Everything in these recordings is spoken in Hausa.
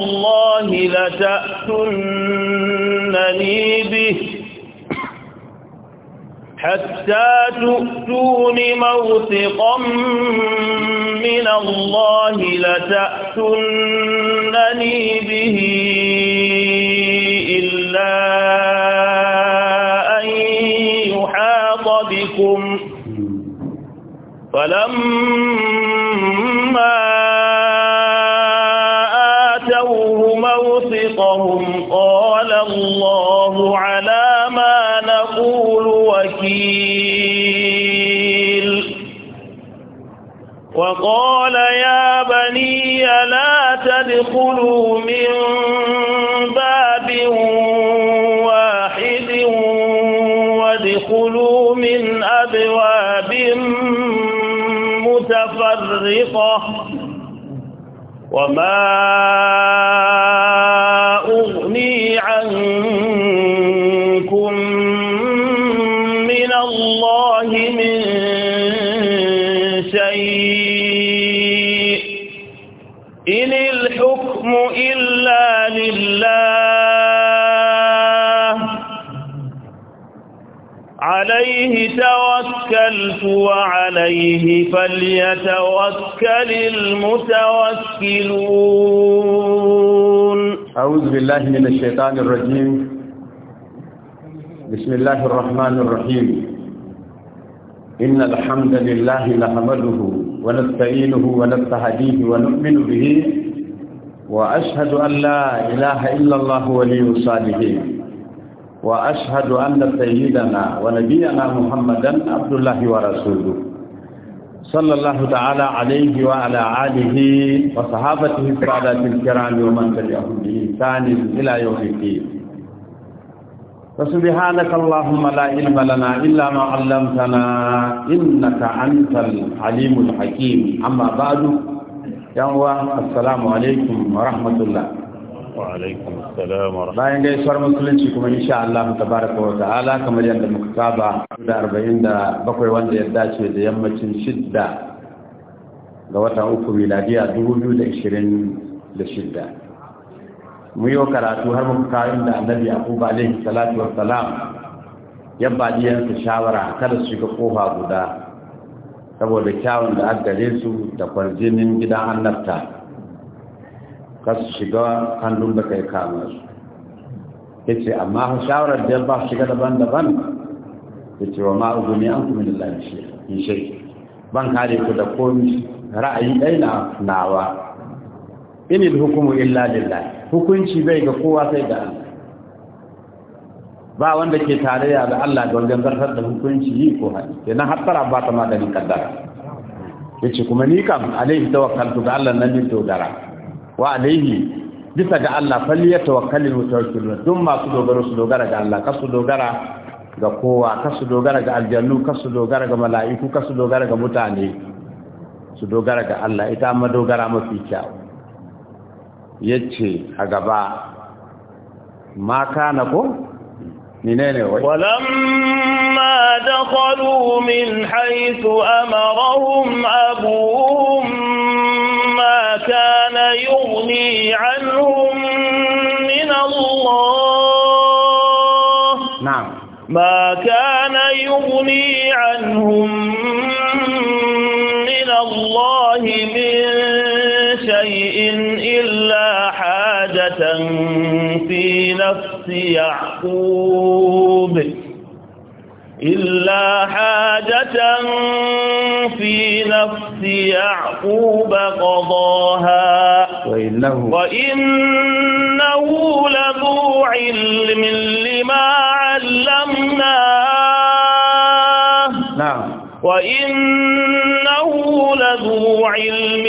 الله لتأتنني به حتى تؤتون موثقا من الله لتأتنني به إلا أن يحاط بكم فلما وقال يا بني لا تدخلوا من باب واحد وادخلوا من أبواب متفرقة وما أغني عنكم توكلت وعليه فليتوكل المتوكلون أعوذ بالله من الشيطان الرجيم بسم الله الرحمن الرحيم إن الحمد لله نحمده ونستعينه ونستهديه ونؤمن به وأشهد أن لا إله إلا الله ولي الصالحين وأشهد أن سيدنا ونبينا محمدا عبد الله ورسوله صلى الله تعالى عليه وعلى آله وصحابته السادات الكرام ومن تبعهم بإحسان إلى يوم الدين فسبحانك اللهم لا علم لنا إلا ما علمتنا إنك أنت العليم الحكيم أما بعد يا الله السلام عليكم ورحمة الله bayan gaisuwar musulunci kuma insha Allah tabaraka wa ta'ala kamar yadda muka saba da 47 wanda ya dace da yammacin shidda ga watan uku miladiya 2026 mu yi karatu har muka kawo da annabi Abu alaihi salatu wa salam ya badiyansa shawara kada su shiga kofa guda saboda kyawun da aka su da kwarjinin gidan annabta Ka su shiga hannun da kai kama su ya ce amma shawarar da ba shiga daban-daban ya ce wa ma'ubu ne an kuma lillahi in shai ban kare ku da komi ra'ayi ɗai na nawa inil hukumu illa lillahi hukunci bai ga kowa sai da Allah ba wanda ke tarayya da Allah ga wajen zartar da hukunci yi ko hali sai na hattara ba ta maganin kaddara yace kuma ni kam alaihi tawakkaltu ga Allah nan ni dogara wa alaihi bisa ga Allah falli ya tawakkalin mutawakkilun duk masu dogara su dogara ga Allah kasu dogara ga kowa kasu dogara ga aljannu kasu dogara ga mala'iku kasu dogara ga mutane su dogara ga Allah ita ma dogara mafi kyau yace a gaba ma kana ko منين ولما دخلوا min haythu amarahum abuhum عنهم من الله نعم ما كان يغني عنهم من الله من شيء إلا حاجة في نفس يعقوب إلا حاجة في نفس نفس يعقوب قضاها وإنه, وإنه لذو علم لما علمناه نعم وإنه لذو علم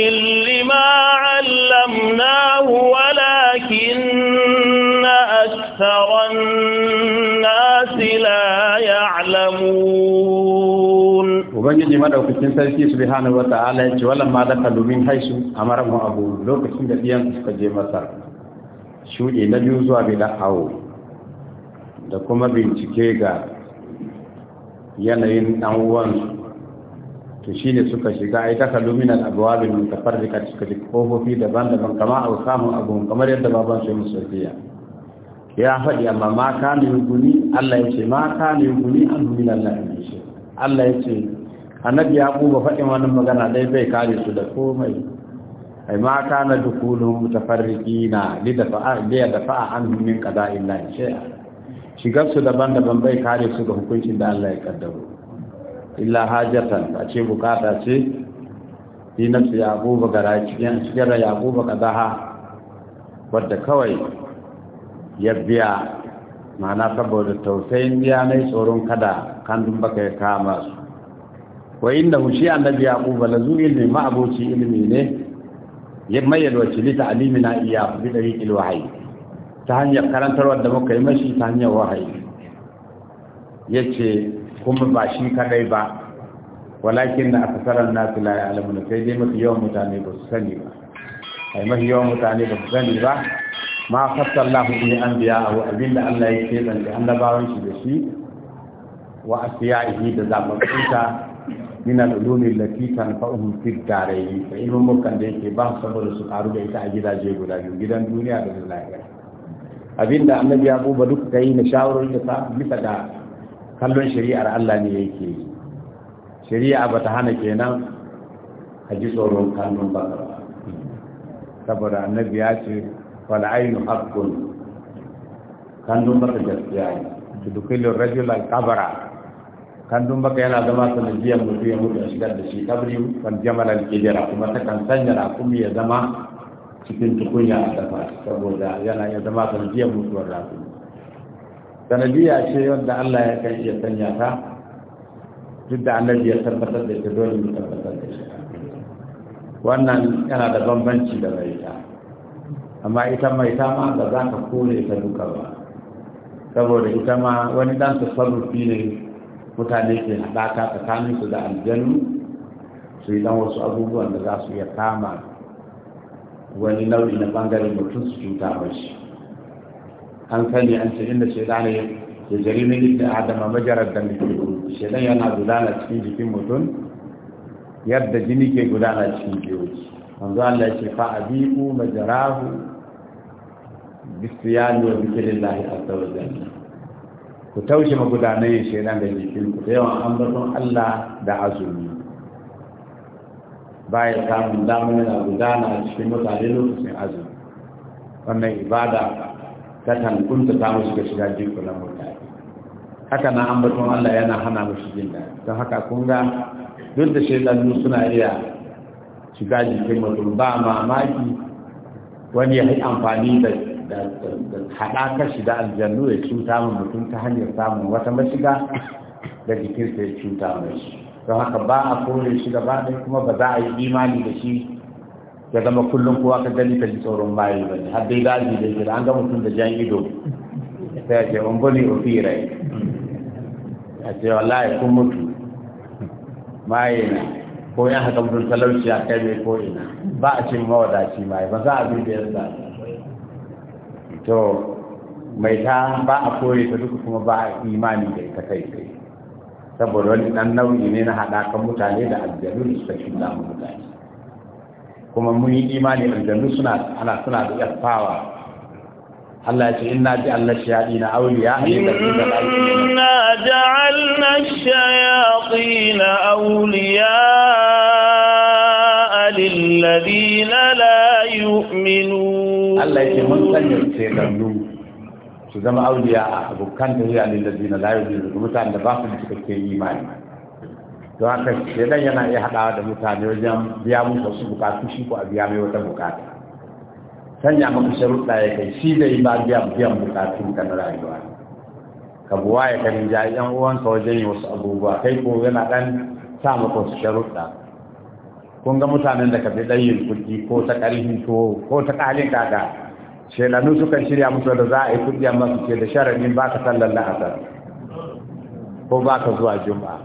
لما علمناه ولكن أكثر الناس لا يعلمون ubangiji madaukakin sarki subhanahu wata'ala ya ce walan ma daka domin haisu a mu abu lokacin da biyan suka je masar shuɗe na biyu zuwa da awo da kuma bincike ga yanayin ɗan uwansu to shi ne suka shiga ai taka luminan abuwabin mutafarrika suka ji kofofi daban-daban kama a samun abu kamar yadda baban su musulmiya ya faɗi amma ma ka guni Allah ya ce ma ka guni an luminan lafi Allah ya ce annabi ya buga faɗin wannan magana dai bai kare su da komai ai ma kana dukulu mutafarriqina li dafa'a li dafa'a anhum min qada'i Allah shay'a shigar su daban-daban bai kare su da hukuncin da Allah ya kaddaro illa hajatan a ce bukata ce su nafsi ba gara cikin cikin ba kadaha. wadda kawai ya biya ma'ana saboda tausayin biya mai tsoron kada dun baka ya kama su wa inda shi annabi yaquba la zu ilmi ma abuci ilmi ne ya mayyal wa ci ta'limina iya bi dariqil wahyi ta hanyar karantarwar da muka yi mashi ta hanyar wahayi yace kuma ba shi kadai ba walakin da akasaran nasu la ya'lamuna sai dai mafi yawan mutane ba su sani ba ai mafi yawan mutane ba su sani ba ma fasallahu bi anbiya'ahu abinda Allah ya ce dan annabawan shi da shi wa asiyahi da zamancinsa min al-ulumi allati tanfa'uhum fi ad-darayn fa ilmin mukan da yake ba saboda su karu da ita a gidaje guda biyu gidan duniya da lahira abinda annabi ya buba duk kai na shawarori da sa bisa da kallon shari'ar Allah ne yake yi shari'a ba ta hana kenan a ji tsoron kallon ba saboda annabi ya ce wal ainu haqqun kanun ba ta gaskiya ne tudkhilur rajula al-qabra kandun baka yana zama sanadiyar mutu ya mutu a shigar da shi kabri kan jamala jira kuma ta kan sanya kuma ya zama cikin tukunya a dafa saboda yana ya zama sanadiyar a rakumi sanadiyya ce wanda Allah ya kan iya sanya ta duk da annabi ya tabbatar da ita dole mu tabbatar da shi wannan yana da bambanci da ta amma ita ta ma ba za ka kore ta duka ba saboda ita ma wani dan tasarrufi ne mutane ke haɗaka tsakanin su da aljanu su yi dan wasu abubuwan da za su iya kama wani nau'i na bangare mutum su cuta mashi an sani an ce inda shaidana ya ya jari min da adama majarar da mutum shaidan yana gudana cikin jikin mutum yadda jini ke gudana cikin jiyoyi wanzu Allah ya ce fa abiku majarahu bisiyani wa bikirin lahi a wa jalla ku taushe magudanan shaida da jikin ku da yawan ambaton Allah da azumi Ba ya samun damar yana gudana cikin mutane lokacin azumi wannan ibada ta ta musu ga shiga na mutane haka na ambaton Allah yana hana musu jin daɗi don haka kun ga duk da shaidannu suna iya shiga jikin mutum ba mamaki wani ya yi amfani da Haɗa kashi da aljannu ya cuta mu mutum ta hanyar samun wata mashiga da jikinsa ya cuta mai shi don haka ba a kore shi gaba ɗaya kuma ba za a yi imani da shi ya zama kullum kowa ka gani ka ji tsoron maye ba ne har dai daji da jira an ga mutum da jan ido sai a ce on bane ofi rai a ce wallahi kun mutu maye na ko yan haka mutum talauci a kai mai ko ina ba a cin mawadaci maye ba za a bi da yadda to mai ta ba a kore ta duka kuma ba a imani da ita kai kai saboda wani dan nau'i ne na haɗakan mutane da aljanu da suka shuɗa mu mutane kuma mun yi imani aljanu suna ana suna da yafawa Allah ya ce inna ja'alna shayatin awliya inna ja'alna awliya lil ladina la Allah ya ce mun sanya shaidannu su zama auliya a abokan da ya ne lazina layu yuzu da mutane da ba su da cikakken imani don haka shaidan yana iya haɗawa da mutane wajen biya musu wasu bukatu shi ko a biya mai wata bukata sanya maka sharuɗa ya kai shi da yi ba biya biyan bukatu ka na rayuwa ka buwa ya kan ja yan uwanka wajen yi wasu abubuwa kai ko yana ɗan sa maka wasu sharuɗa kun ga mutanen da ka fi ɗayin kuɗi ko ta ƙarfin tuwo ko ta ƙalin kaga shelanu sukan shirya musu da za a yi kudi amma su ce da sharanin ba ka sallar la'asar ko ba ka zuwa juma'a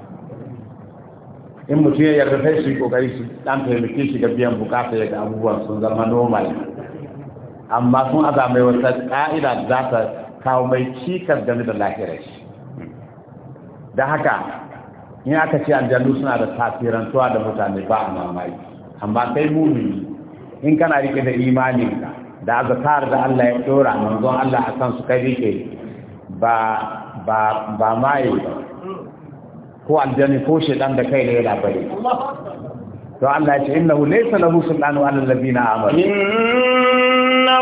in mutum ya yarda sai su yi kokari su dan taimake shi ga biyan bukata ya ga abubuwan sun zama normal amma sun aza mai wata ka'ida za ta kawo mai cikar game da lahirar shi da haka in aka ce aljannu suna da tuwa da mutane ba a mamaki amma kai mumini in kana rike da imaninka da azkar da Allah ya dora manzon Allah akan su kai rike ba ba ba mai ko aljani ko shedan da kai ne ya bari to Allah ya ce innahu laysa lahu sultanu ala alladhina amanu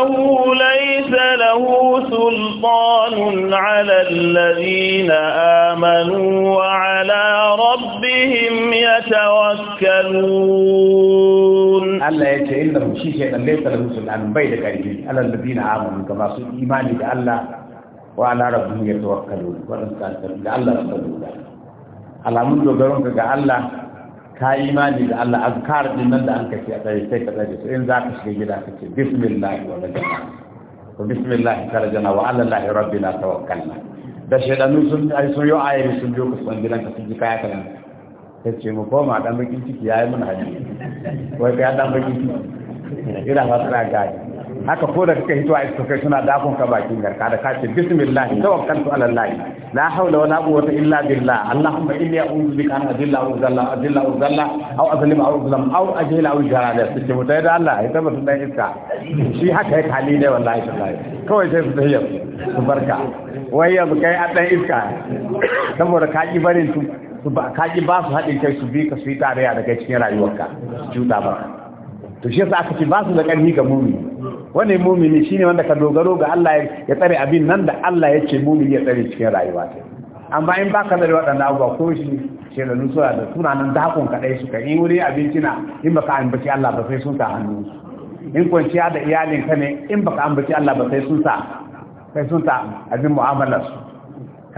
أنه ليس له سلطان على الذين آمنوا وعلى ربهم يتوكلون الله يتعلم إنهم شيء ليس له سلطان بيد قريب على الذين آمنوا كما سوء إيمان بالله وعلى ربهم يتوكلون ورسالة الله رسول الله على منذ قرنك الله ka imani da Allah azkar din nan da an kace a tsaye sai ka tsaye su in za ka shiga gida ka ce bismillah wa rajana to bismillah ka rajana wa ala allahi rabbina tawakkalna da shedanu sun ai sun yo ayi sun yo kusan gidan ka sun ji kaya kana sai ce mu koma dan bakin ciki yayi mun hadisi wai ka dan bakin ciki ira fatra gadi haka ko da kake hito iska kai suna dakon ka bakin garka da kace bismillah tawakkaltu ala allah la hawla wala quwwata illa billah allahumma inni a'udhu bika an adilla wa zalla adilla wa zalla aw azlima aw zlam aw ajhila aw jahala sai mutai da allah ita ba dan iska shi haka ya kali ne wallahi tallahi kawai sai su tayyab su barka wai yanzu kai a dan iska saboda ka ki barin su ka ki ba su haɗin kai su bi ka su yi tarayya da kai cikin rayuwarka juta ba to shi yasa aka ce ba su da ƙarfi ga mumini wani mumini shine wanda ka dogaro ga Allah ya tsare abin nan da Allah ya ce mumini ya tsare cikin rayuwa ta amma in baka da waɗanda abubuwa ko shi ce da nusura da sunanan dakon kaɗai suka in wuri abinci na in baka ambaci Allah ba sai sun sa hannu in kwanciya da iyalin ka ne in baka ambaci Allah ba sai sun sa sai sun sa abin mu'amalar su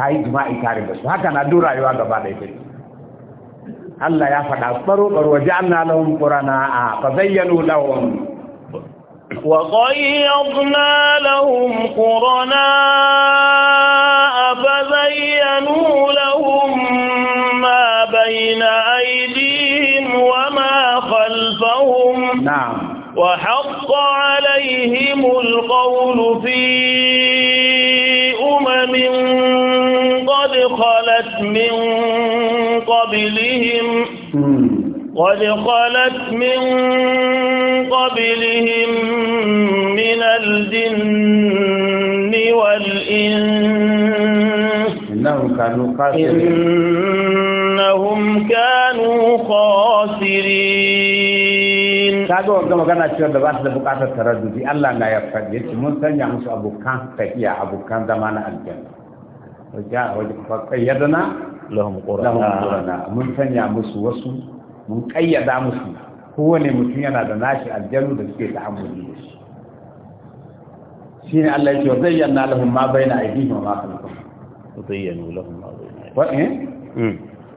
yi jima'i tare da su haka na duk rayuwa gaba da ita Allah ya faɗa tsaro tsaro wa ja'alna lahum qurana fa zayyanu lahum وقيضنا لهم قرناء فزينوا لهم ما بين أيديهم وما خلفهم نعم وحق عليهم القول في أمم قد خلت من قبل قد خلت من قبلهم من الجن والإنس إنهم كانوا خاسرين إنهم كانوا خاسرين kaga wanda magana cewa da ba su da bukatar taraddudi Allah na ya faɗi yace mun sanya musu abokan tafiya abokan zama na aljanna wajen wajen yadana lahum qurana mun sanya musu wasu mun kayyada musu kowane mutum yana da nashi aljanu da suke ta'ammuli da shi shine Allah yake zayyana lahum ma baina aydihim wa ma khalfahum zayyanu lahum ma baina aydihim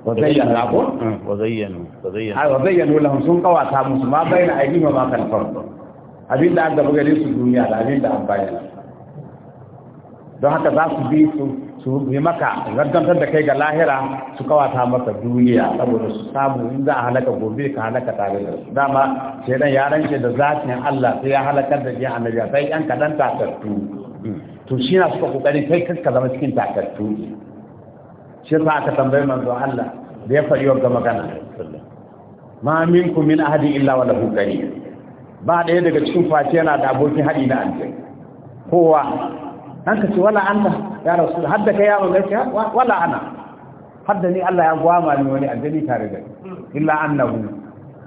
wa zayyana lahum wa zayyanu wa zayyanu wa zayyanu lahum sun kawata musu ma baina aydihim wa ma khalfahum abinda aka buga su duniya da abinda an bayyana don haka za su bi su su yi maka raddantar da kai ga lahira su kawata maka duniya saboda su samu in za a halaka gobe ka halaka tare da su dama shaidan ya rance da zafin Allah sai ya halakar da jiya annabi sai yan kadan tatattu to shi na suka kokarin kai kanka zama cikin takattu shi sa aka tambayi manzo Allah da ya fari wa magana ma minkum min ahadin illa wa lahu ba ɗaya daga cikin face yana da abokin haɗi na aljanna kowa an ka ce wala anna ya rasu hadda kai ya mai ce wala ana hadda ni Allah ya gwama ni wani aljani tare da illa annahu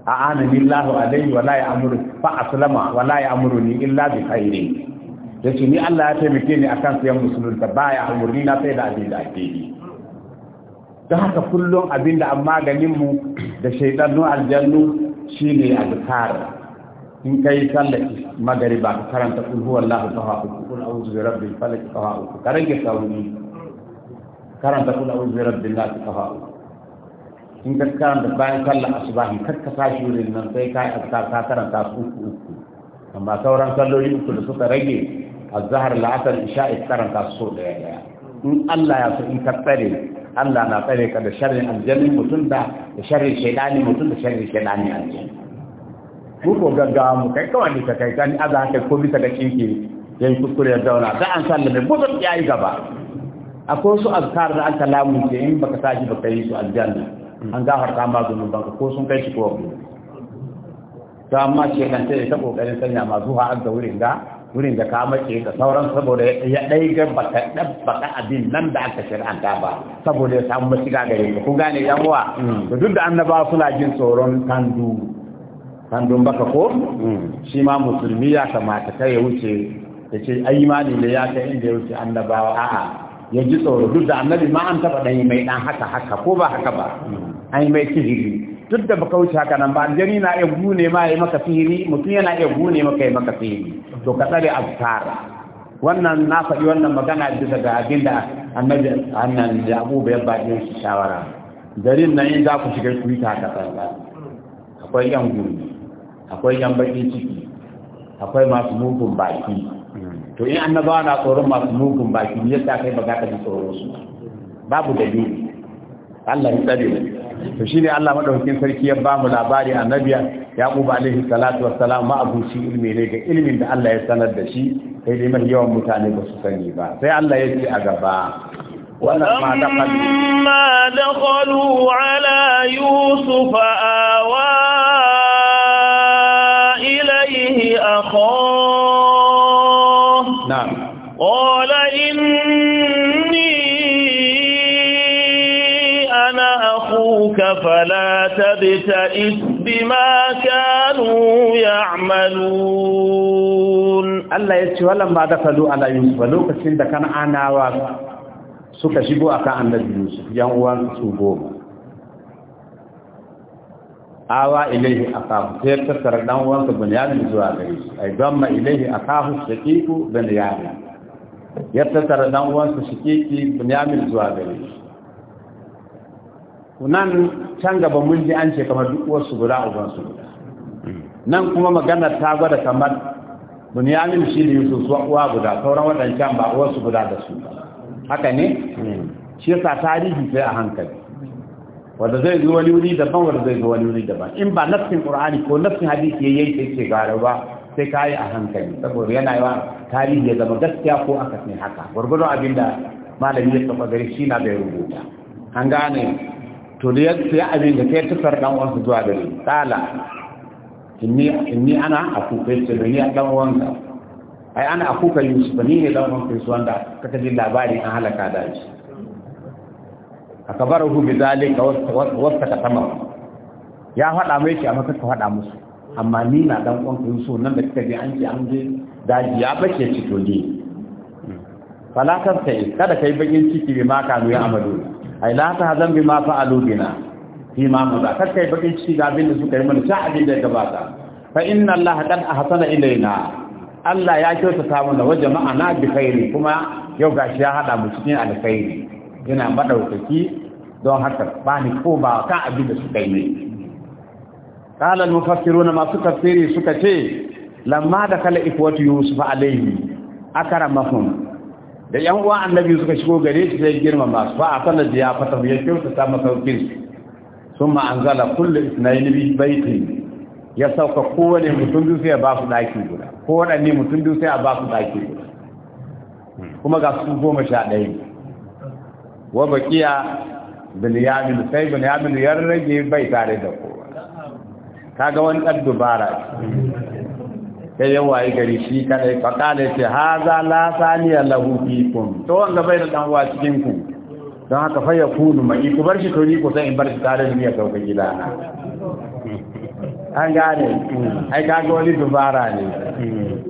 a'ana billahu alayhi wa la ya'muru fa aslama wa la ya'muruni illa bi khairin yace ni Allah ya taimake ni akan sayan musulunta baya umurni na sai da abin da ake yi don haka kullum abinda da an maganinmu da shaidannu aljannu shine azkar in ka yi magari ba ka karanta kun huwa Allah ta hawa uku kun auzu bi rabbil falak ta hawa uku ka rage sauri karanta kun auzu bi rabbil nas ta hawa in ka karanta bayan sallar asubahi kar ka sashi wurin nan sai ka azkar ka karanta su uku uku amma sauran salloli uku da suka rage azhar la'asar isha'i karanta su daya daya in Allah ya so in ka tsare Allah na tsare ka da sharrin aljanni mutum da sharrin shaydani mutum da sharrin shaydani aljanni mu ko gaggawa mu kai kawai ni ka kai a aza kai ko bisa ga kinki yayi kuskure ya zauna da an sallame ya yi gaba akwai su azkar da an kalamu ke in baka saji baka yi su aljanna an ta ma zunuban ka ko sun kai shi ko to amma ce kan sai ta kokarin sanya ma zuwa an da wurin ga wurin da ka mace da sauran saboda ya dai ga baka dabbaka abin nan da aka an ta ba saboda ya samu mashiga gare ka ku gane yan uwa mm. duk da annabawa suna jin tsoron du. kandun baka ko mm. shi ma musulmi ya kamata kai ya wuce ya ce ai imani ne ya kai inda ya wuce annabawa a'a ya ji tsoro duk da annabi ma an taba dan mai dan haka haka ko ba haka ba mm. an mai sihiri duk da baka wuce haka nan ba jani na iya gune ma ya maka sihiri mutum yana iya gune maka ya maka sihiri to ka tsare azkar wannan na faɗi wannan magana bisa ga abin da annabi annan da abu bai ba shi shawara garin nan in za ku shiga ku yi ta haka akwai yan gurbi akwai yan baƙin ciki akwai masu mugun baki to in annabawa na tsoron masu mugun baki ne sai kai ba za ka ji tsoron su babu dalili Allah ya tsare mu to shine Allah madaukakin sarki ya ba mu labari annabiya yaqub alaihi salatu wassalam ma abuci ilmi ne ga ilmin da Allah ya sanar da shi sai dai mai yawan mutane ba su sani ba sai Allah ya ce a gaba ولما دخلوا على يوسف آواه أخاه نعم قال إني أنا أخوك فلا تبتئس بما كانوا يعملون الله يتشوى لما دخلوا على يوسف لوكسين دكان أنا واسف suka shigo akan annabi يوسف yan awa ilaihi akahu sai tattara dan uwansa bunyamin zuwa gari shi ai damma ilaihi akahu shaqiqu bunyamin ya tattara dan uwansa shaqiqi bunyamin zuwa gari shi nan can gaba mun ji an ce kamar duk wasu guda uban su guda nan kuma magana ta gwada kamar bunyamin shi ne yusuf su uwa guda sauran waɗancan ba uwarsu guda da su haka ne hmm. shi yasa tarihi sai a hankali wanda zai zo wani wuri daban wanda zai zo wani wuri daban in ba nafsin qur'ani ko nafsin hadisi yayi sai ce gara ba sai ka yi a hankali saboda yana yawa tarihi ya zama gaskiya ko aka akasin haka gwargwado abin da malami ya saba gari shi na bai rubuta an gane to da ya abin da kai tufar dan uwansa zuwa gari tsala inni ana akuka ce da ni dan uwanka ai ana akuka yusuf ni ne dan uwanka su wanda kaka ji labari an halaka da shi hu bi zalika wasta katama ya fada mai ki amma ka fada musu amma ni na dan kon kun so nan da kika ji an ji an je daji ya bace ci to ne falakar sai kada kai bakin ciki bi ma zo ya amadu ai la ta hazan bi ma fa'alu bina fi ma mu da kai bakin ciki ga bin su suka yi mana sai da ya gabata fa inna allaha qad ahsana ilaina Allah ya kyautata mana wa jama'a na bi khairi kuma yau gashi ya hada mu cikin alkhairi yana madaukaki don haka ba ni ko ba ka abin da suka yi قال المفسرون ما تفسيري سكتي لما دخل اخوه يوسف Akara اكرمهم da yan uwa annabi suka shigo gare shi sai girma masu fa a sanar da ya fata ya kyauta ta masaukin su sun anzala kullum isnayin bi baiti ya sauka kowane mutum biyu sai ya ba su ɗaki guda kowane mutum biyu sai a ba su ɗaki guda kuma ga su goma sha ɗaya wa baƙiya bilyamin sai bilyamin ya rage bai tare da kowa kaga wani ɗan dubara sai ya wayi gari shi kadai faƙala ce haza la saniya lahu fikum to wanda bai da dan uwa cikin ku don haka fa yakunu mai ku bar shi to ni ku sai in bar shi tare da ni ya sauka gida na an gane ai kaga wani dubara ne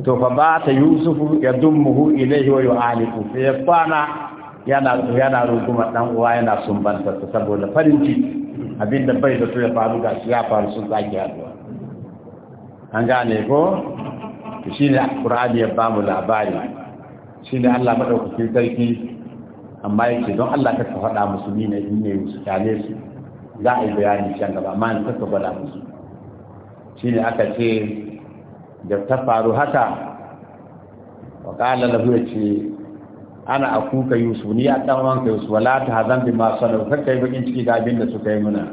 to fa ba ta yusufu yadummuhu ilaihi wa yu'aliku sai ya kwana yana yana runguma dan uwa yana sumbanta ta saboda farin ciki abinda bai da to ya faru ga shi ya faru sun zaki haduwa an gane ko shi ne qur'ani ya ba mu labari shi ne Allah madaukakin sarki amma yake don Allah ka faɗa musulmi ne in ne su kyale su za a yi bayani can gaba amma ka ka gwada musu shi ne aka ce da ta faru haka wa ƙala lafiya ce ana akuka yusuf ni a dan wanka yusuf wala ta hazan bi ma ka kai bakin ciki da abin da suka yi muna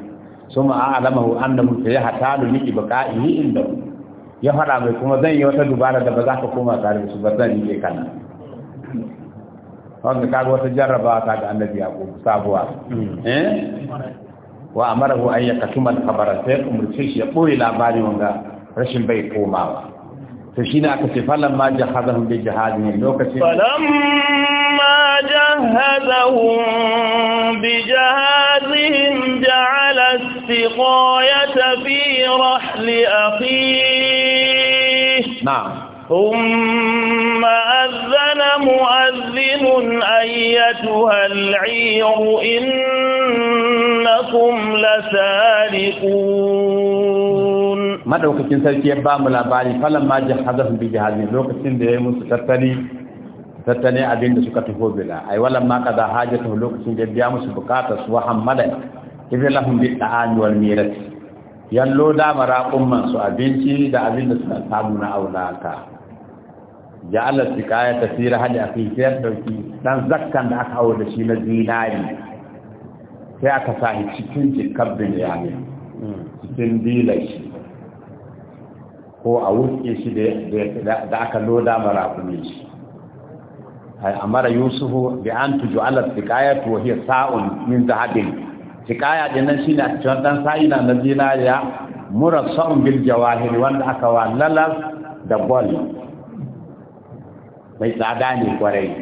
suma a'lamahu annahu sayhatalu li ibqa'ihi inda ya fara mai kuma zan yi wata dubara da ba za ka koma tare da su ba zan yi kana wanda kaga wata jarraba ta ga annabi yaqub sabuwa hmm. eh wa amarahu an yakatuma al-khabara sai umurce shi ya boye labarin wanda rashin bai komawa to shine aka ce falan ma jahazahum bi jihadin lokacin falan جهزهم بجهازهم جعل السقاية في رحل أخيه نعم ثم أذن مؤذن أيتها العير إنكم لسارقون دوك وكتن سيكي يبام الأبالي فلما جهزهم بجهازهم لوكتن دي مستقرين tattane abin da suka taho bila ai walan ma kaza ta lokacin da biya musu bukata su hammalan idza lahum bi ta'an wal mirat yallo da maraqum man su abinci da abin da suka samu na aulaka Ya ja'ala sikaya tasira hali afi da dauki dan zakkan da aka hawo da shi na zinari sai aka sahi cikin jikar binyami cikin dilar shi ko a wuce shi da aka loda maraƙumi shi amara yusufu bi an tuj'ala thiqayatu wa hiya sa'un min zahabin sikaya din shine a cikin dan sa'i na zinariya murassa'un bil jawahir wanda aka wallala da gol mai tsada ne kwarai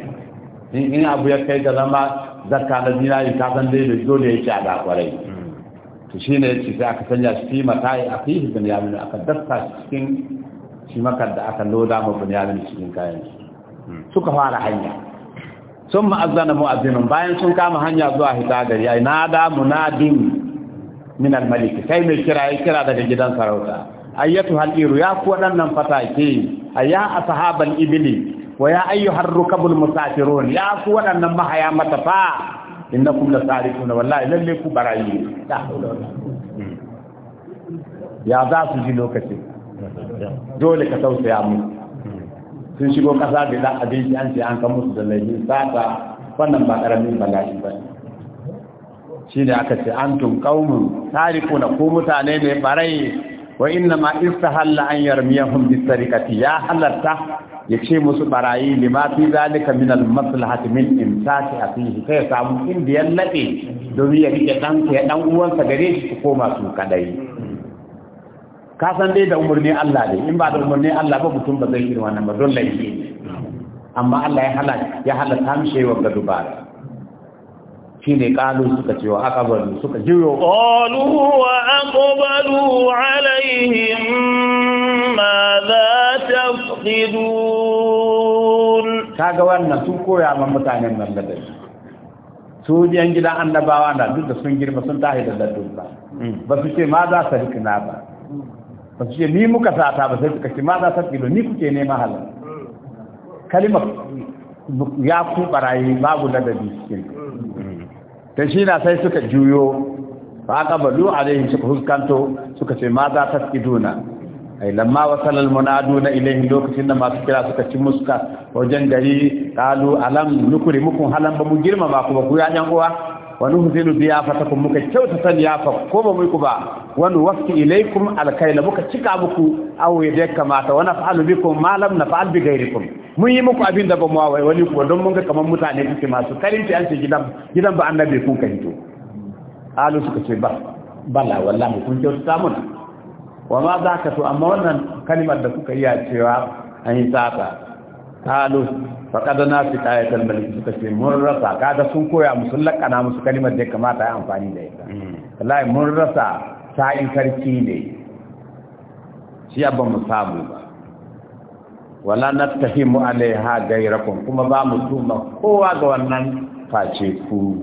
in abu ya kai ga zama zakka na zinari ka san dai da dole ya tsada kwarai to shine yace sai aka sanya shi fi matai a fi bin yamin aka dasta cikin shi makar da aka loda mu bin yamin cikin kayan shi suka fara hanya sun ma'azana mu'azinin bayan sun kama hanya zuwa hita gari ai nada munadin min al sai mai kira ya kira daga gidan sarauta ayyatu haliru ya ku waɗannan fatake ayya ashaban ibili wa ya ayyuhar rukabul musafirun ya ku waɗannan mahaya matafa innakum la sarifuna wallahi lalle ku barayi ya za su ji lokaci dole ka tausaya mu sun shigo ƙasa da za a binci an ce an kan musu da laifin sata wannan ba ƙaramin bala'i ba shi da aka ce an tun ƙaunin tariku na ko mutane ne barai wa inna ma ista halla an bi sarikati ya halarta ya ce musu barayi Limafi fi zalika min al-maslahati min a asihi sai ya samu indiyan lade domin ya rike ɗanka ya ɗan uwansa gare shi su koma su kadai ka san dai da umarni Allah ne in ba da umarni Allah ba mutum ba zai yi wannan ba don laifi amma Allah ya halaka ya ta mishi wa ga dubara ne kalu suka ce wa aqbalu suka jiyo qalu wa aqbalu alaihim ma za tafqidun kaga wannan sun koya ma mutanen nan dai su an gida annabawa da duk da sun girma sun tahi da ladun ba mm. ba su ce ma za su rikina ba ba ce ni muka sata ba sai suka ce ma za ta filo ni kuke nema halar kalimar ya ku barayi babu da cikin ta shi na sai suka juyo ba ka balu yin suka huskanto suka ce ma za ta fiduna ai lamma wasal al munaduna ilayhi lokacin da masu kira suka ci muska wajen gari kalu alam nukuri mukun halan ba mu girma ba ku ba ku ya yan uwa wa nuhzilu biyafatakum muka ya liyafa ko ba muku ba wa nuwaffi ilaikum alkayla muka cika muku aw yadda kamata wa naf'alu bikum ma lam naf'al bi ghayrikum mun yi muku abin da ba mu wai wani kuwa don mun ga kamar mutane suke masu karinci an ce gidan gidan ba annabi kun ka hito alu suka ce ba bala wallahi kun kyautata mun wa ma za ka to amma wannan kalimar da kuka yi a cewa an yi sata alu faƙada na fi ayatul malik suka ce mun rasa kada sun koya musu lakana musu kalimar da ya kamata ya amfani da ita hmm. wallahi mun rasa yi sarki ne shi abba mu samu ba wala na mu alaiha gairakum kuma ba mu tuma kowa ga wannan face ku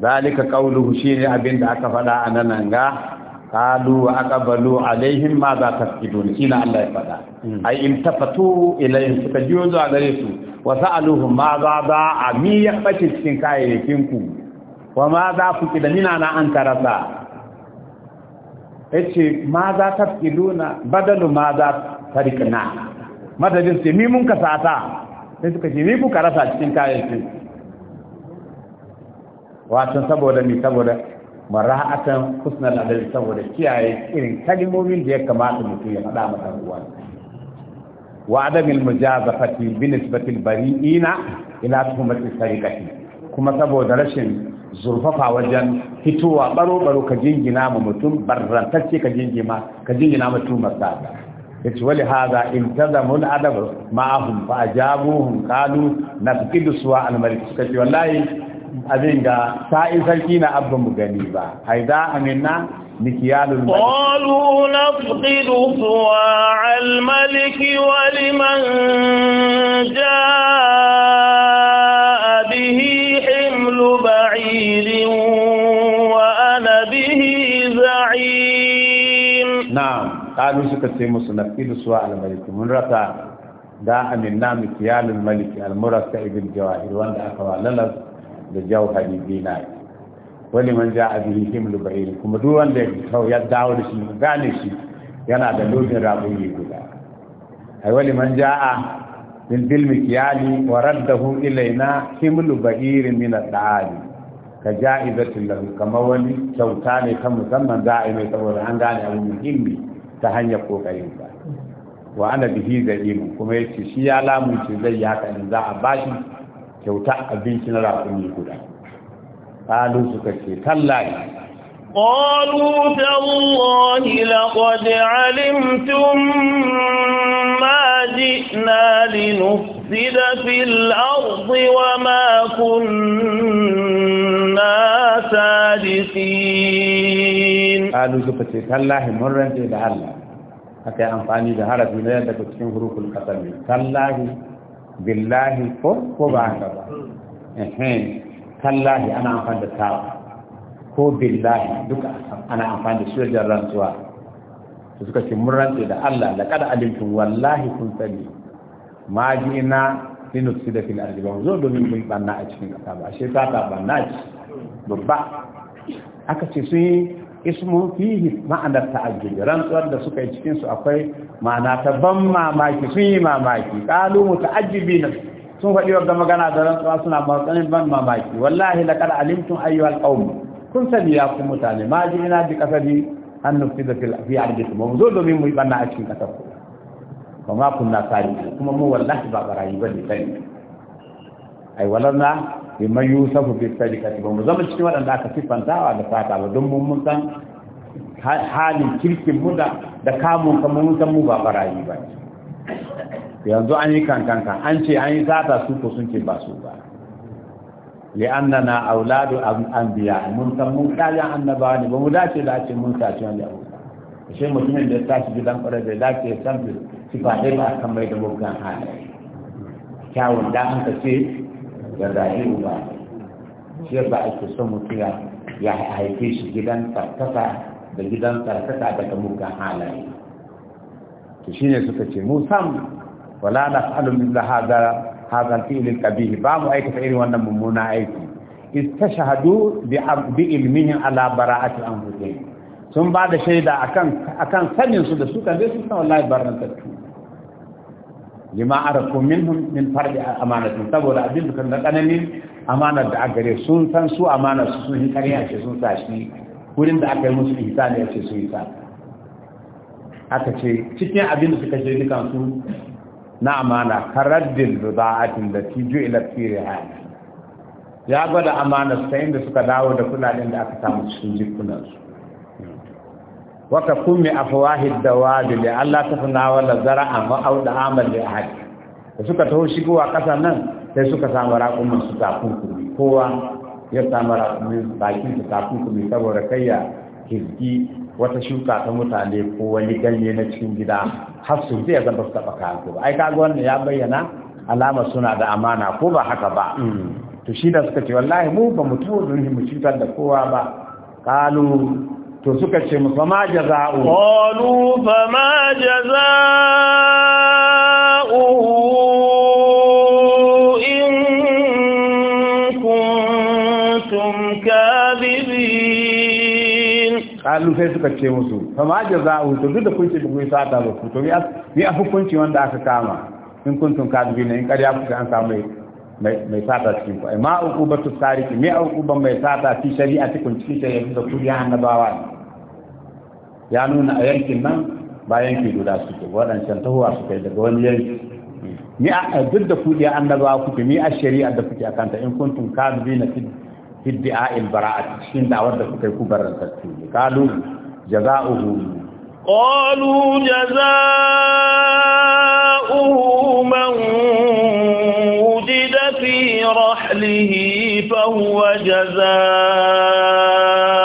zalika qawluhu ne abinda aka faɗa a nan ga kalu aka balu alaihim ma za ta fi duni shi na Allah ya faɗa ai in ta fatu ilayhi suka jiyo zuwa gare su wa sa'aluhum ma za za a cikin kayayyakin ku wa ma ku ki na an karasa yace ma za ta fi badalu ma za ta rikna madadin sai mi mun ka sata sai suka ce mi ku karasa cikin kayayyakin wato saboda mi saboda mara'atan husnal adabi saboda kiyaye irin kalimomin da ya kamata mutum ya faɗa masa dan wa wa adamil mujazafati bi nisbati al bari'ina ila tuhmati sariqati kuma saboda rashin zurfafa wajen fitowa baro baro ka jingina ma mutum barrantacce ka jingima ka jingina ma tumar sada yace wali hada intazamu al adab ma'ahum fa ajabuhum qalu nafqidu suwa al malik suka ce wallahi abin ga sa'in sarki na abin mu gani ba haida amina nikiyalul malik qalu nafqidu suwa'al malik wa liman jaa bihi himlu ba'ilin wa ana bihi za'im na'am qalu suka ce musu nafqidu suwa'al malik mun rasa da amina nikiyalul malik al-murasa ibn jawahir wanda aka wa lalas da jawhari dinari wani man ja a bihi himlu kuma duk wanda ya dawo da shi gane shi yana da lodin rabuni guda ai wani man ja a min dilmi kiyali wa raddahu ilaina himlu bayil min al-da'ali ka ja'izatin lahu kamar wani kyauta ne ta musamman za a yi mai saboda an gane abu muhimmi ta hanyar kokarin sa wa ana bihi zaimu kuma yace shi ya lamunce zai yaka in za a bashi kyauta abinci na raƙumi guda ƙalu suka ce tallaye قالوا تالله لقد علمتم ما جئنا لنفسد في الأرض وما كنا سادسين قالوا زفتي تالله مرة إلى الله أكي أنفاني بهارة بنيا لكتكين هروف القتل تالله billahi ko ko ba haka ba ehem kallahi ana amfani da tawa ko billahi duka ana amfani da shi da rantsuwa su suka ce mun rantse da Allah laqad alimtum wallahi kun sani ma da linufsida fil ardi zo domin mun banna a cikin kasa ba ashe ta ta banna ce babba aka ce sun yi ismun fihi ma'anar ta'ajjub rantsuwar da suka yi cikin su akwai ma'ana ta ban mamaki sun yi mamaki qalu muta'ajjibina sun faɗi wa magana da rantsuwa suna matsanin ban mamaki wallahi laqad alimtum ayyuhal qawm kun sani ya ku mutane ma ji ina bi an nufsida fil fi ardikum mu zo domin mu yi banna a cikin kasar ku kun na sari kuma mu wallahi ba barayi ba sai ai walanna bi man yusufu bi sadiqati ba mu zama cikin wadanda aka wa da fata ba don mun mun san halin kirkin mu da da kamun kamar mun san mu ba barayi ba yanzu an yi kankanka an ce an yi sata su ko sun ce ba su ba annana auladu anbiya mun san mun kaji annaba ne ba mu dace da ce mun tace wani abu shi mutumin da ya tashi gidan kwarai bai dace ya san sifa ɗaya ba kan mai da mugan halaye kyawun da an ka ce da rayu ba shi ba ake son mutum ya haife shi gidan tsarkaka da gidan tsarkaka daga mugan halaye to shine suka ce mu wala na mithla da hazar al-fi'l ba mu aikata irin wannan mummuna aiki shahadu bi abdi ilmihi ala bara'ati anfusihim sun ba da shaida akan akan sanin da suka zai sun san wallahi lima arafu minhum min fardi amanatin saboda abin da kan tsananin amanar da agare sun san su amanar su sun kariya ce sun sa shi wurin da aka yi musu ihsani a ce su isa aka ce cikin abin da suka ce dukan su na amana karaddin rubaatin da ti ila fi ya gwada amana sai da suka dawo da kudaden da aka samu cikin jikunansu waka kumi afwahid dawadi li Allah na wala zar'a amma au da amal li ahad da suka taho shigowa kasa nan sai suka samu raƙumin su takunkumi kowa ya samu raƙumin bakin su takunkumi saboda kayya kirki wata shuka ta mutane ko wani ganye na cikin gida har su zai zama su taɓa kayan ai kaga wannan ya bayyana alama suna da amana ko ba haka ba mm. to shi da suka ce wallahi mu ba mu tuwo don mu cutar da kowa ba kalu to suka ce mu fama jaza'u qalu fama jaza'u in kuntum kadhibin qalu sai suka ce musu fama jaza'u to duk da kun ce kun sata ba ku to ni a hukunci wanda aka kama in kuntum kadhibin in kariya ku an samu mai sata cikin ku ai ma uqubatu sariki me uquban mai sata fi shari'a cikin shari'a da kuriya annabawa ya nuna a yankin nan ba yankin guda suke waɗancan tahowa suka yi daga wani yanki ni a duk da kuɗi ba kuke ni a shari'a da kuke akan ta in kuntum bi na fiddi'a ilbara'at cikin da'awar da kuka yi ku barantattu ne kalu jaza'uhu قالوا man wujida fi rahlihi fa huwa جزاؤه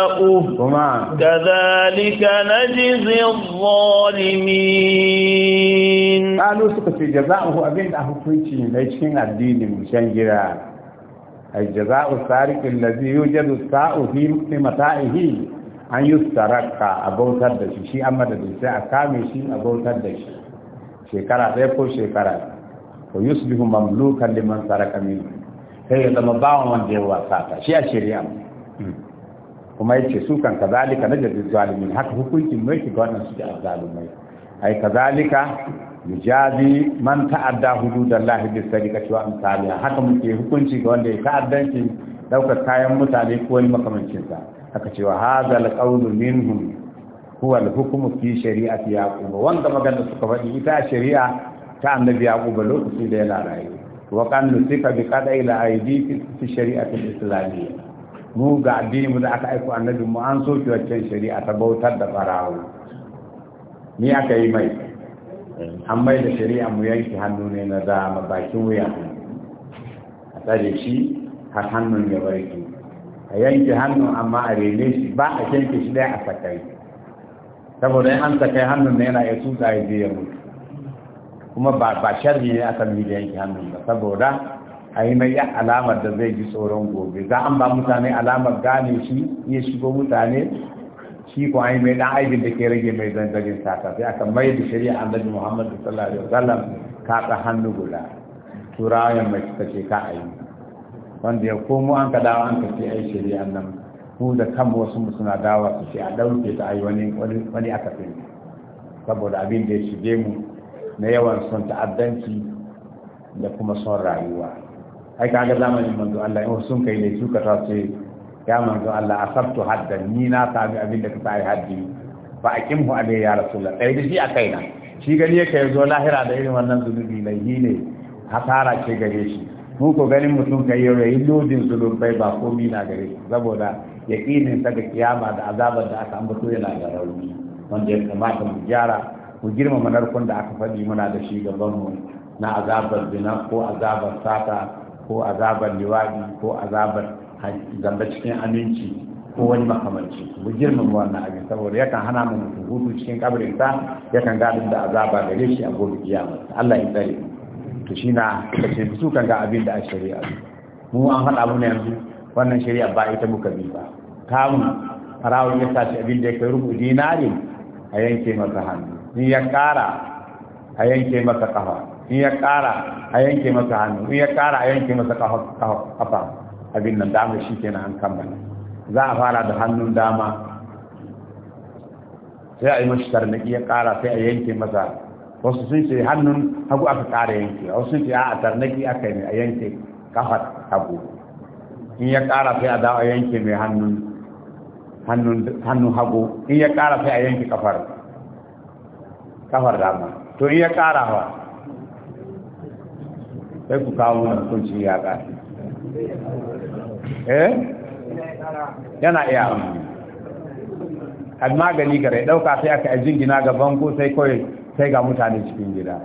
كذلك نجزي الظالمين قالوا سكت جزاؤه أبين أهو كويتي ليشين الدين مشانجرا الجزاء السارق الذي يوجد الساء في متاعه an yi saraka a bautar da shi shi an madadin sai a kame shi a bautar da shi shekara ɗaya ko shekara ko yusbihu mamlukan liman saraka sai ya zama bawan wanda ya wasa ta shi a shirya mu hmm. kuma yace su kan kazalika najzi zalimin haka hukuncin mai ga wannan su da azalumai ai kazalika yujazi man ta'adda hududallahi bis sadiqati wa amsalha haka muke hukunci ga wanda ya ta'addanci daukar kayan mutane ko wani makamancin sa haka cewa hadha alqawlu minhum huwa alhukmu fi shari'ati yaqub wanda magana suka faɗi ita shari'a ta annabi yaqub lokacin da yana rayu wa kan nusika bi qada'i al-aidi fi shari'ati islamiyya mu ga addini mu da aka aiko annabi mu an soke waccan shari'a ta bautar da barawo ni aka yi mai an mai da shari'a mu yanki hannu ne na dama bakin wuya a tsare shi har hannun ya barki a yanki hannu amma a rene shi ba a yanke shi ɗaya a sakai saboda an sakai hannun na yana ya tsutsa ya je ya mutu kuma ba shari'a ne aka mi da yanki hannun ba saboda a yi alamar da zai ji tsoron gobe za an ba mutane alamar gane shi iya shigo mutane shi ko an yi mai dan aibin da ke rage mai zanzarin sata sai aka mai da shari'a annabi muhammadu sallallahu alaihi wasallam ka ta hannu guda turawan mai suka ce ka a yi wanda ya komo an ka dawo an ka ai shari'a nan mu da kan wasu mu suna dawa su ce a ɗauke ta a yi wani aka fi saboda abin da ya shige mu na yawan son ta'addanci da kuma son rayuwa ai ga zamanin manzo Allah in sun kai ne ka ta ce ya manzo Allah asabtu haddan ni na sami abin da ka sai haddi fa aqimhu alai ya rasulullah dai da shi kai na. shi gani yake zo lahira da irin wannan zunubi yi ne hasara ce gare shi mu ko ganin mutum kai yau yayin lodin zunubai ba komi na gare shi saboda yaqinin sa ga kiyama da azabar da aka ambato yana da rauni wanda ya kamata mu gyara mu girmama narkon da aka faɗi muna da shi gaban mu na azabar zina ko azabar sata ko azabar liwadi ko azabar zamba cikin aminci ko wani makamanci mu girmama wannan abin saboda yakan hana mu mutum cikin kabarin sa yakan gadin da azaba da shi a gobe kiyama Allah ya tsare to shi na kace su kan ga abin da a shari'a mu an hada mu ne yanzu wannan shari'a ba ita muka bi ba kamu harawun ya sace abin da ya kai rubu dinari a yanke masa hannu ni ya kara a yanke masa kafa in ya ƙara a yanke masa hannu in ya ƙara a yanke masa kafa abin nan dama shi kenan an kammala za a fara da hannun dama sai a yi mashi tarnaki ya ƙara sai a yanke masa wasu sun ce hannun hagu aka ƙara yanke wasu sun ce a tarnaki aka yi a yanke kafar hagu in ya ƙara sai a dawo a yanke mai hannun hannun hagu in ya ƙara sai a yanke kafar kafar dama to in ya ƙara ba sai ku kawo mana hukunci ya ƙari eh yana iya al magani gare ɗauka sai aka ajin gina gaban ko sai kawai sai ga mutane cikin gida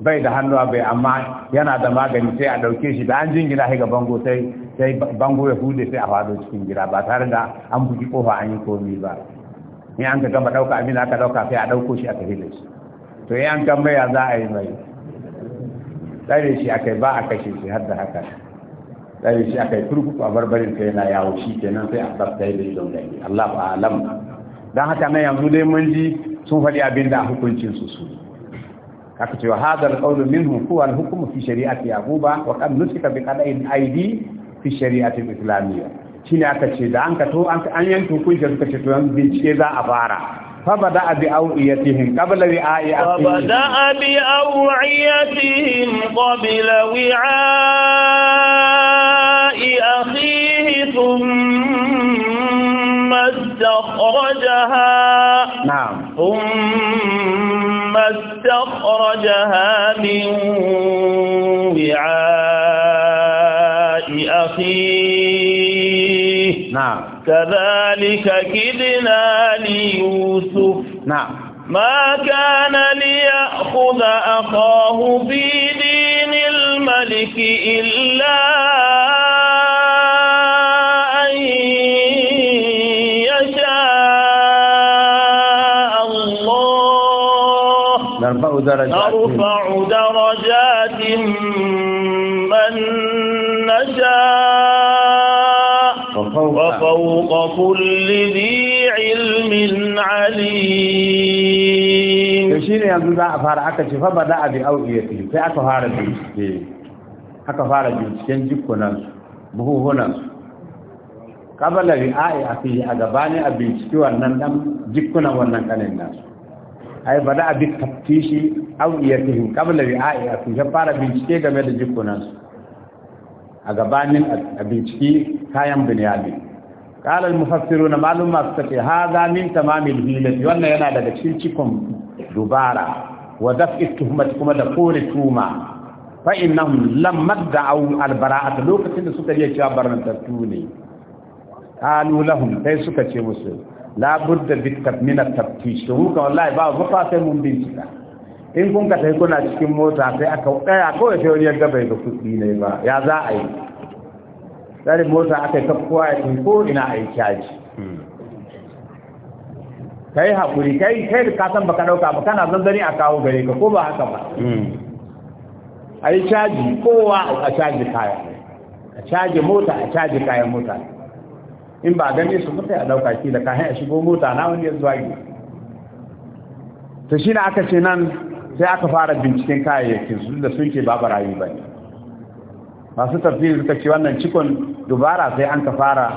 bai da hannu a bai amma yana da magani sai a ɗauke shi da an jingina sai ga bango sai sai bango ya hude sai a fado cikin gida ba tare da an bugi kofa an yi komi ba Ni an ka gama ɗauka abin aka ɗauka sai a ɗauko shi aka hila shi to in an gama ya za a yi mai tsare shi yi ba a kashe shi har da haka tsare shi yi kurkuku a barbarin ka yana yawo shi ke nan sai a yi da idon gani Allah ba alam dan haka na yanzu dai mun ji sun faɗi abin da hukuncin su su haka cewa hadar qawlu min hukuwa na hukumu fi shari'ati guba wa qad nusika bi qada'in aidi fi shari'atin islamiyya islamiyya shine aka ce da an ka to an yanke hukuncin suka ce to yanzu bincike za a fara فبدأ بأوعيتهم قبل وعاء أخيه فبدأ بأوعيتهم قبل وعاء أخيه ثم استخرجها نعم ثم استخرجها من وعاء أخيه نعم كذلك كدنا ليوسف نعم ما كان ليأخذ أخاه في دين الملك إلا أن يشاء الله درجات وفوق كل ذي علم عليم shine yanzu za a fara aka ce fa bada abi audiyati sai aka fara bincike aka fara binciken jikunan هنا قبل ri'a'i اي fi a ابي a wannan dan jikunan wannan kanin nasu ai bada abi taftishi audiyatihim kabala ri'a'i a fi ya fara bincike game da jikunan a gabanin a kayan binyami قال المفسرون معلوم مفتي هذا من تمام الهيله وانا انا daga cikin cikon dubara wa dafit kuma da kore tuma fa da lam mad'u al bara'at lokacin da suka yi cewa barnatar tune qalu sai suka ce musu la budda bit tabmin at taftish to ka wallahi ba ba fa sai mun bincika in kun ka sai kuna cikin mota sai aka kai akwai teoriyar gaba da kudi ne ba ya za a yi Dari mota aka yi kafuwa ya ko ina a yi caji ka yi haƙuri ka yi kai da kasan baka ɗauka ba kana zanzani a kawo gare ka ko ba haka ba a yi caji kowa a caji kaya a caji mota a caji kayan mota in ba gani su mutai a ɗauka ki da kayan a shigo mota na wani ya zuwa Ta shi ne aka ce nan sai aka fara binciken kayayyakin su da sun ke babu rayu ba ne masu tafsiri suka ce wannan cikon dubara sai an ka fara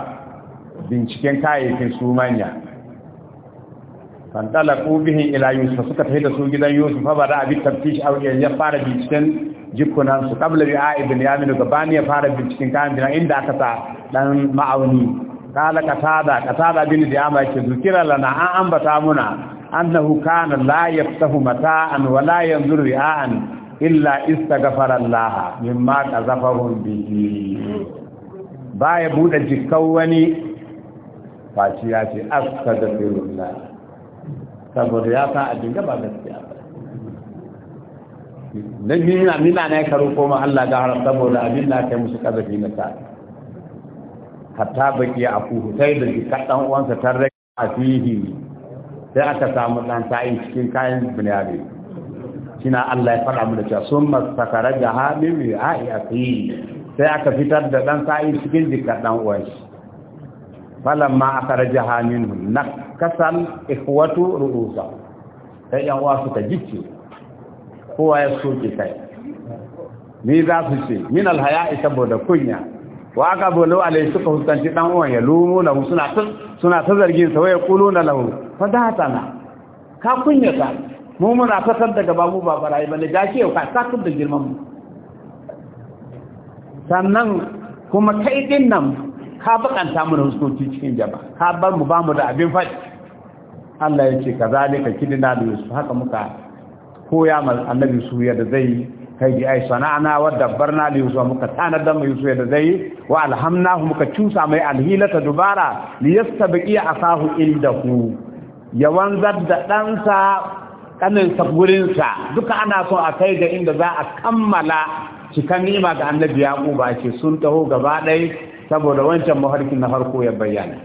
binciken kayayyakin su manya fantalaku bihin ila yusuf suka tafi da su gidan yusuf fa bada abi taftish aw ya fara binciken jikunan su qabla bi ibn yamin gabani ya fara binciken kayan dinan inda aka sa dan ma'auni kala katada katada bin diama yake zukira lana an ambata muna annahu kana la yaftahu mata'an wa la yanzuru ri'an illa istaghfarallaha mimma qazafahum bihi baya bude jikan wani faci ya ce astaghfirullah saboda ya sa a dinga ba gaskiya ba dan ni na mina ne karo koma Allah ga haram saboda abin kai musu kazafi na ta hatta baki a kuhu sai da jikan dan uwansa tarra a fihi sai aka samu dan sa'in cikin kayan bunyabi kina Allah ya faɗa mu da cewa sun masakara da haɗin mai ha'i a sai aka fitar da ɗan sa'i cikin jikar ɗan uwan shi ma aka raja hamin na kasan ikhwatu ru'usa sai yan uwa suka jicce kowa ya soke kai ni za su ce min alhaya isa saboda kunya wa aka bolo alai suka hukunci ɗan uwan ya lumu na suna ta zargin sa waya na lahu fa da na ka kunya ta mu muna fasar daga babu ba barayi bane gashi yau ka sakin da girman mu sannan kuma kai din nan ka bakanta mu da cikin jaba ka bar mu ba mu da abin faɗi Allah ya ce kazalika kidina da yusuf haka muka koya ma annabi su yadda zai kai ji ai sana'ana wa na da yusuf muka tanar da mu yusuf yadda zai wa alhamnahu muka cusa mai ta dubara li yastabqi asahu indahu ya wanzar da ɗansa kanin sabgurinsa duka ana so a kai ga inda za a kammala cikan nima ga annabi yaƙuba ba ce sun taho gaba ɗai saboda wancan mafarkin na farko ya bayyana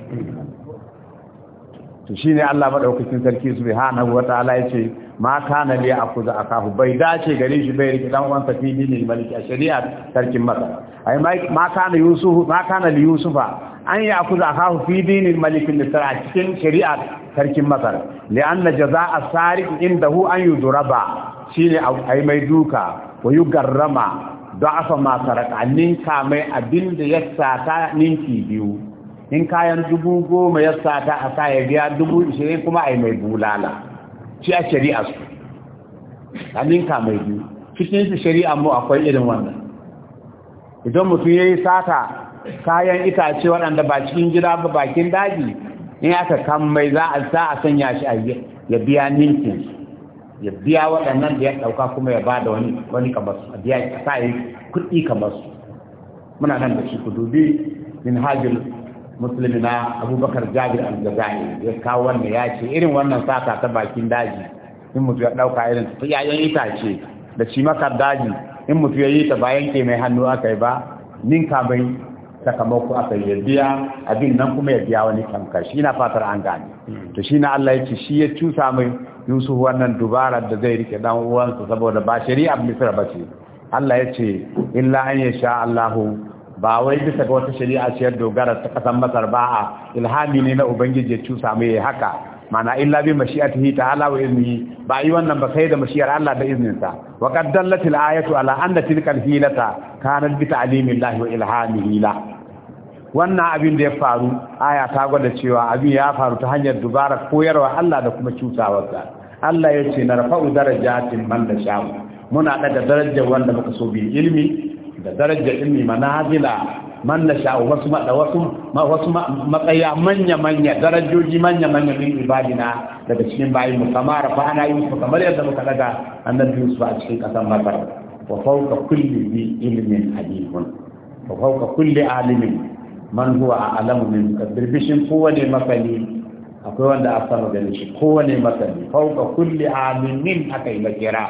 to shine Allah madaukakin sarki subhanahu wataala ce ma kana li akuza akahu bai dace gare shi bai rike dan uwansa fi dinin maliki a shari'a sarkin maka ai ma kana yusufu ma kana li yusufa an yi akuza akahu fi dinin malikin misra a cikin shari'a sarkin masar a jaza'a sariq indahu an yuduraba shine ai mai duka wa yugarrama da'afa ma saraka ninka mai abin da ya sata ninki biyu in kayan dubu goma ya sata a sa ya biya dubu ishirin kuma ai mai bulala shi a shari'a su a ninka mai biyu cikin su shari'a mu akwai irin wannan idan mutum ya yi sata kayan itace waɗanda ba cikin gida ba bakin daji in aka kan mai za a sa a sanya shi a ya biya ninkin ya biya waɗannan da ya ɗauka kuma ya ba da wani wani kamar su a biya ya sa yi kuɗi kamar su muna nan da shi ku dubi min hajjul musulmi na abubakar jabir al-jazairi ya kawo wannan ya ce irin wannan sata ta bakin daji in mutu ya ɗauka irin ta yayan itace da shi makar daji in mutu ya yi ta bayan ke mai hannu aka yi ba ninka bai sakamako aka yi biya abin nan kuma ya biya wani tamkar shi na fatar an gane hmm. to shi na Allah ya ce shi ya cusa mai Yusuf wannan dubara da zai rike dan uwansa saboda ba shari'a Misra ba ce Allah ya ce illa an yasha Allahu ba wai bisa ga wata shari'a ce dogara ta kasan Masar ba a ilhami ne na ubangiji ya cusa mai haka mana illa bi mashi'atihi ta'ala wa ilmi ba yi wannan ba sai da mashiyar Allah da izninsa wa qad dallat al-ayatu ala anna tilka al-hilata kanat bi ta'limi Allah wa ilhamihi la wannan abin da ya faru aya ta gwada cewa abin ya faru ta hanyar dubara koyarwa Allah da kuma cutawarsa Allah ya ce narfa'u darajatin man da sha'u muna daga darajar wanda muka so bi ilmi da darajar ilmi manazila man na sha'u wasu maɗa wasu matsaya manya manya darajoji manya manya min ibadina daga cikin bayin mu kamar fa ana yi su kamar yadda muka daga annabi Yusuf a cikin ƙasar Masar wa fauka kulli bi ilmin alimun wa fauka kulli alimin man huwa a'lamu min birbishin kowane masani akwai wanda a sama ganin shi kowane masani Fauka kulli alimin aka yi makira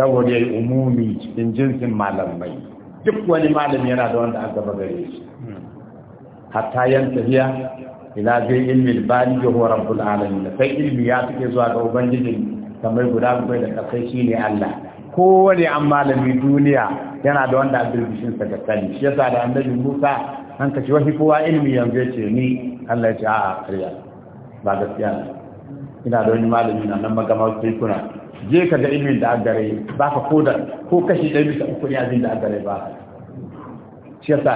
saboda yi umumi cikin jinsin malamai duk wani malami yana da wanda aka gaba gare shi hatta yan tafiya ila zai ilmi bali huwa horon alamin sai ilmi ya take zuwa ga ubangiji kamar guda bakwai da shi shine Allah kowane an malami duniya yana da wanda abirbishin sa da kai. shi yasa da annabi Musa an kace wahi kowa ilmi yanzu yace ni Allah ya ce a kariya ba gaskiya ina da wani malami na nan magama sai kuna je ka ga ilmin da gare, ba ka koda ko kashi ɗaya bisa uku ne abin da gare ba shi yasa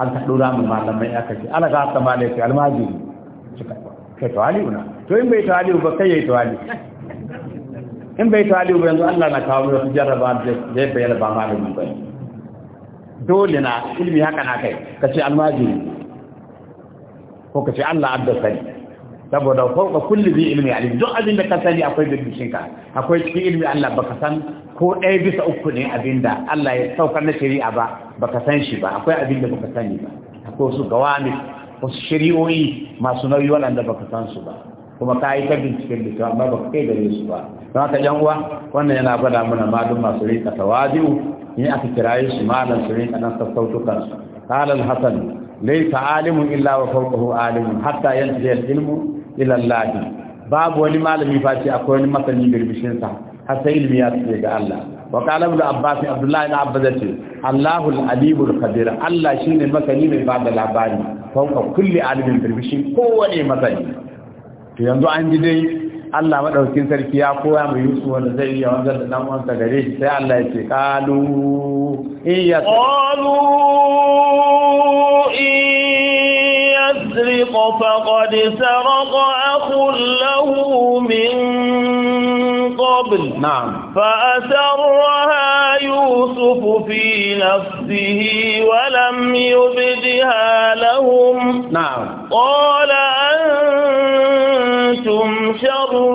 an ka dora mu malamai aka ce ala ga ta malai ta almajiri kai tawali'u una to in bai tawali'u ba kai yayi tawali'u in bai tawali'u ba yanzu Allah na kawo wasu jarraba da zai bayar ba malamin ba dole na ilmi haka na kai ce almajiri ko ce Allah adda saboda fauka kulli bi ilmi alim duk abin da ka sani akwai birbishin ka akwai cikin ilmi Allah baka san ko ɗaya bisa uku ne abin da Allah ya saukar na shari'a ba baka san shi ba akwai abin da baka sani ba akwai su gawami wasu shari'o'i masu nauyi waɗanda baka san su ba kuma ka yi ta binciken da su amma baka kai gare su ba don haka yan uwa wannan yana gwada mana malum masu rinka tawazi'u in aka kiraye su malam su rinka nan sassautukan su قال الحسن ليس عالم إلا وفوقه عالم حتى ينتهي العلم ilallahi babu wani malami face akwai wani masani birbishinsa har sai ilmi ya tsaye ga Allah wa qala ibn abbas abdullahi ibn abbas ce Allahu al-alimul qadir Allah shine masani mai bada labari fauka kulli alimin birbishin kowane masani to yanzu an ji dai Allah madaukin sarki ya koya mu Yusuf wanda zai yi wanda da dan uwansa gare shi sai Allah ya ce qalu in qalu يسرق فقد سرق أخ له من قبل نعم فأسرها يوسف في نفسه ولم يبدها لهم نعم قال أنتم شر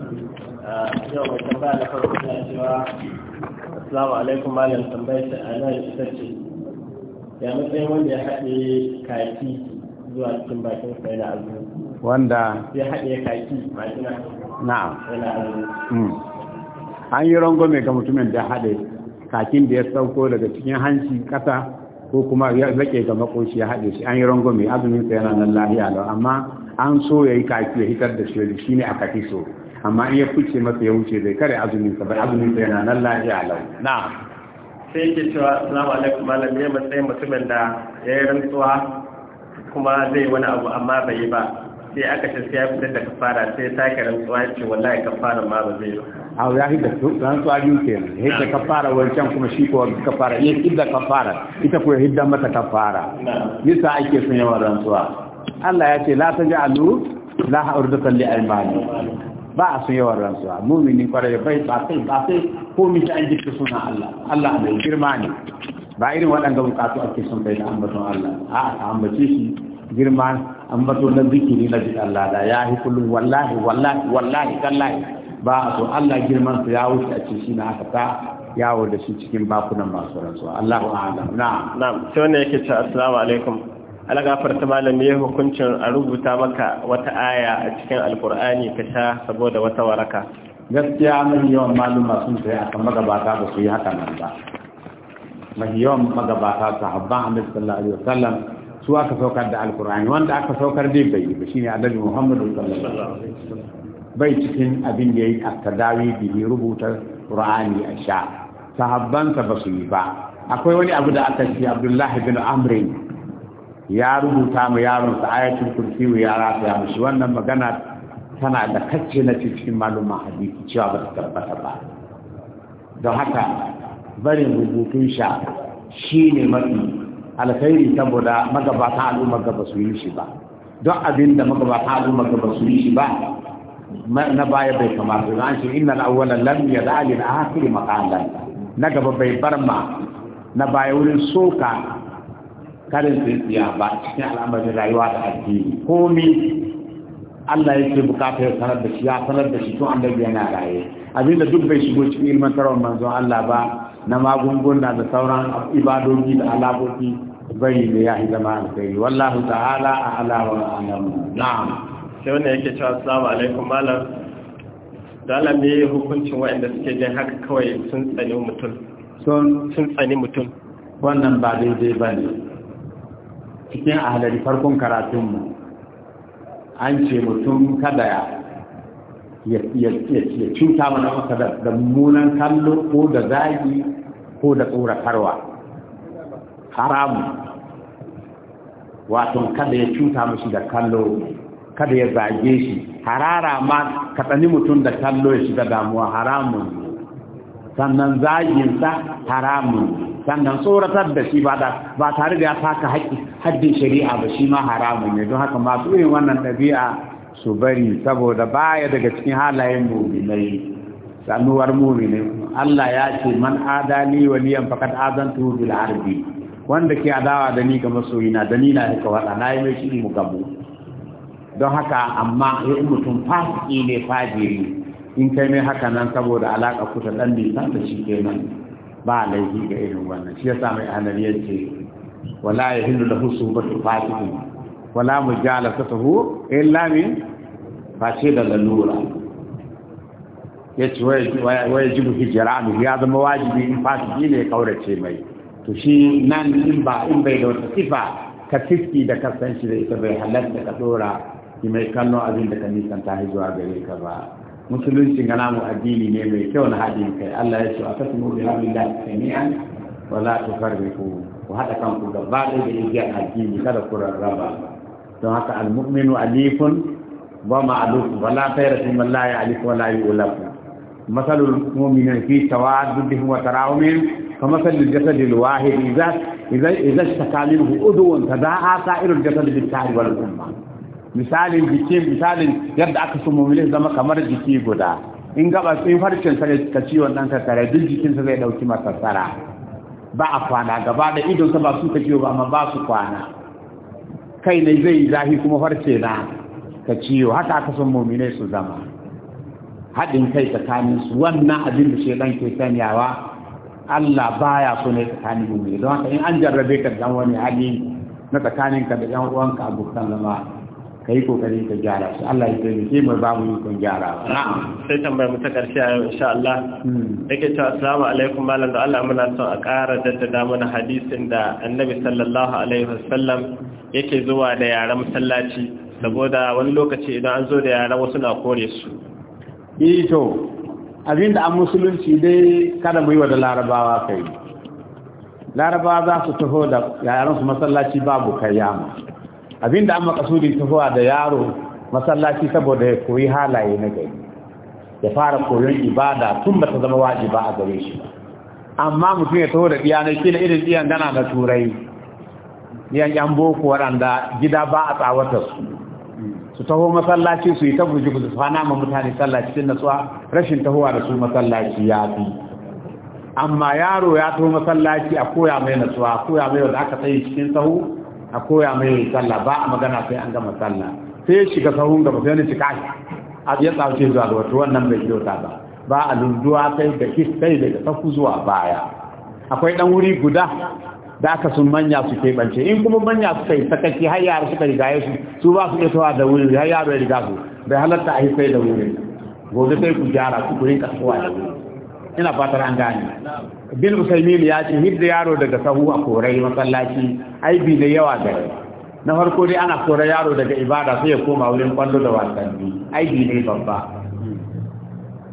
yau mai tambaya da farko na cewa assalamu alaikum malam tambayar ta a nan ya matsayin wanda ya haɗe kaki zuwa cikin bakin sa yana azumi wanda ya haɗe kaki bakin na'am yana azumi mm. an yi rangwame ga mutumin da haɗe kakin da ya sauko daga cikin hanci ƙasa ko kuma ya zake ga makoshi ya haɗe shi an yi rangwame azumin sa yana nan lahiya lau amma an so ya yi kaki ya hitar da shi ne a kaki so amma in ya fice masa ya wuce zai kare azumin sa bai azumin sa yana nan lafiya lau na sai yake cewa assalamu alaikum malam ne matsayin mutumin da ya yi rantsuwa kuma zai wani abu amma bai yi ba sai aka ce sai ya fitar da kafara sai ya sake rantsuwa ya ce wallahi kafara ma ba zai ba a ya hidda rantsuwa biyu nan ya hidda kafara wancan kuma shi ko kafara ya hidda kafara ita ko ya hidda mata kafara yasa ake sun yawan rantsuwa Allah ya ce la alu la ha'urdatan kalli almani ba a sun yawan rantsuwa mumini kwarai bai ba sai ba sai ko mita an jikin suna Allah Allah mai girma ne ba irin waɗanda bukatu ake sun bai da ambaton Allah a aka ambace shi girma ambato na zikiri na jikin Allah da ya yi kullum wallahi wallahi wallahi kallahi ba a so Allah girman su ya wuce a ce shi na haka ta yawo da shi cikin bakunan masu rantsuwa Allahu a'lam na'am na'am sai wanda yake ce assalamu alaikum alagafar ta malami ya hukuncin a rubuta maka wata aya a cikin alkur'ani ka sha saboda wata waraka gaskiya mai yawan maluma sun sai a kan magabata ba su yi haka nan ba mai yawan magabata su habban hamid sallallahu alaihi wasallam su aka saukar da alkur'ani wanda aka saukar dai bai yi ba shine annabi muhammadu sallallahu alaihi wasallam bai cikin abin da yayi at-tadawi bi rubuta qur'ani a sha sahabbansa ba su yi ba akwai wani abu da aka ce abdullahi bin Amri. ya rubuta mu yaron sa ayatul kursi wa ya rataya mu shi wannan magana tana da kacce na cikin maluma hadisi cewa ba ta tabbata ba don haka barin rubutun sha shine mafi alkhairi saboda magabatan al'umma gaba su yi shi ba don abin da magabatan al'umma gaba su yi shi ba na baya bai kamata ba an ce inna al-awwala lam yad'a lil akhir maqalan na gaba bai barma na baya wurin soka karin tsintsiya ba cikin al'amarin rayuwa da addini komi Allah ya ce bukatar ya sanar da shi ya sanar da shi tun annabi yana raye da duk bai shigo cikin ilman tarawar manzon Allah ba na magunguna da sauran ibadoji da alaƙoƙi bari da ya zama alkhairi wallahu ta'ala a alawar a'lam na'am sai yake cewa assalamu alaikum malam hukuncin waɗanda suke jin haka kawai sun tsani mutum wannan ba daidai ba ne cikin ahalari farkon karatunmu an ce mutum kada ya cuta mana masa da munan kallo ko da zagi ko da tsoratarwa haramu wato kada ya cuta mashi da kallo kada ya zage shi harara ma ka mutum da kallo ya shiga damuwa haramun sannan zaginsa haramun sannan tsoratar da shi ba tare da ya taka haddin shari'a ba shi ma haramun ne don haka masu irin wannan ɗabi'a su bari saboda baya daga cikin halayen muminai sanuwar muminai Allah ya ce man adali waliyan fakat azan bil ardi wanda ke adawa da ni ga masoyina da ni na haka wada na yi mai shi mu gabu don haka amma in mutum fasiki ne fajiri in kai mai haka nan saboda alaƙa kusa ɗan nisan da shi kenan ba laifi ga irin wannan shi ya sa mai hanar ya ce wala ya hindu da husu ba su ne wala mu jala ta in lamin ba face da lalura ya ce waya jibu hijira mu ya zama wajibi in fasiki ne ya kaurace mai to shi nan in ba in bai da wata sifa ka fiski da shi da ita bai halatta ka dora ki mai kallon abin da ka nisan ta zuwa gare ka ba مسلمين كلامه أديني نبي كون هادين كي الله يسوع أقسم بهم لا سميعا ولا تفرقوا وهذا كان كل ضاد بإجاء أديني كذا كل الربا ثم هذا المؤمن أليف وما أدوك ولا خير في من لا يعرف ولا يؤلف مثل المؤمن في تواددهم وتراهمهم فمثل الجسد الواحد إذا إذا اشتكى منه أذو تداعى سائر الجسد بالسعر والأمة misalin jiki misalin yadda aka so mummuli zama kamar jiki guda in gaba in farcen sa ka ciwon ɗan kakkara duk jikinsa zai ɗauki masassara ba a kwana gaba da idonsa ba su ka ciwo ba amma ba su kwana kai ne zai yi zafi kuma farce na ka ciwo haka aka san mummune su zama haɗin kai tsakanin su wannan abin da shi ke sanyawa Allah baya so ne tsakanin mummune don haka in an jarrabe ka dan wani hali na tsakaninka da yan uwanka abokan zama ka yi kokari ka gyara shi Allah ya taimake k'e mai babu yi kun gyara na'am sai tambayar mu ta karshe a yau insha Allah hmm. yake cewa assalamu alaikum malam da Allah muna son a ƙara daddada mana hadisin da Annabi sallallahu alaihi wasallam yake zuwa da yaran masallaci saboda wani lokaci idan an zo da yaran wasu na kore su eh to abinda a musulunci dai kada mu yi wa da larabawa kai larabawa za su taho da yaran su masallaci babu kayyama Abin da an makasudi zuwa da yaro masallaci saboda ya koyi halaye na gari ya fara koyon ibada tun ba ta zama ba a gare shi amma mutum ya taho da shi kila irin iyan gana na turai iyan yan boko waɗanda gida ba a tsawatar su su taho masallaci su yi ta guji su fana ma mutane sallah cikin natsuwa rashin tahowa da su masallaci ya fi amma yaro ya taho masallaci a koya mai natsuwa koya mai wanda aka tsaye cikin taho a koya mai sallah ba a magana sai an gama sallah sai ya shiga sahun gaba sai wani cika shi ya tsawace zuwa ga wata wannan bai kyauta ba ba a lulluwa sai da kis sai daga safu zuwa baya akwai dan wuri guda da aka sun manya su bance, in kuma manya su sakaki sakaci har yara suka riga su su ba su iya da wuri har yaro ya riga su bai halatta a yi sai da wuri gobe sai ku gyara ku rinka tsawa da wuri ina fatar an gane bin usaimin ya ce hidda yaro daga sahu a korai masallaci aibi da yawa da na farko dai ana korai yaro daga ibada sai ya koma wurin kwallo da wasanni aibi ne babba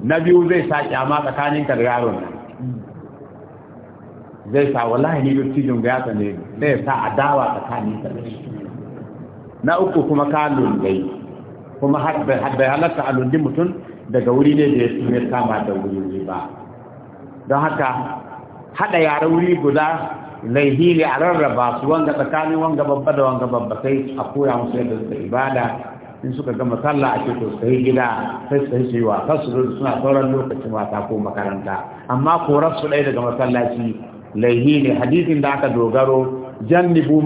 na biyu zai sa kyama tsakanin ka da yaron nan zai sa wallahi ni dottijin ga yasa ne zai sa adawa tsakanin ka da na uku kuma ka lundai kuma har bai halatta a lundin mutum daga wuri ne da ya kama da wuri ba don haka haɗa yaren wuri guda laihi ne a rarraba su wanga tsakanin wanga babba da wanga babba sai a koya musu yadda suka ibada in suka gama sallah a cikin sai gida sai su yi wasa su zo suna sauran lokacin wasa ko makaranta amma korar su ɗaya daga masallaci laihi ne hadisin da aka dogaro jannibu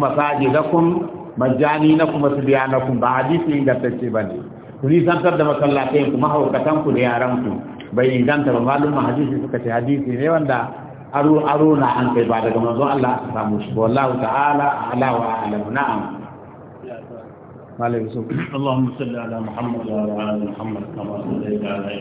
kun, majani na kuma su biya na kun, ba hadisi ingantacce ba ne ku nisantar da masallatai ku mahaukatan ku da yaran ku bai inganta ba malum hadisi suka ce hadisi ne wanda aro na an kai ba daga manzon Allah a samu shi wallahu ta'ala ala wa alam na'am malai yusuf Allahumma salli ala Muhammad wa ala ali Muhammad kama sallaita ala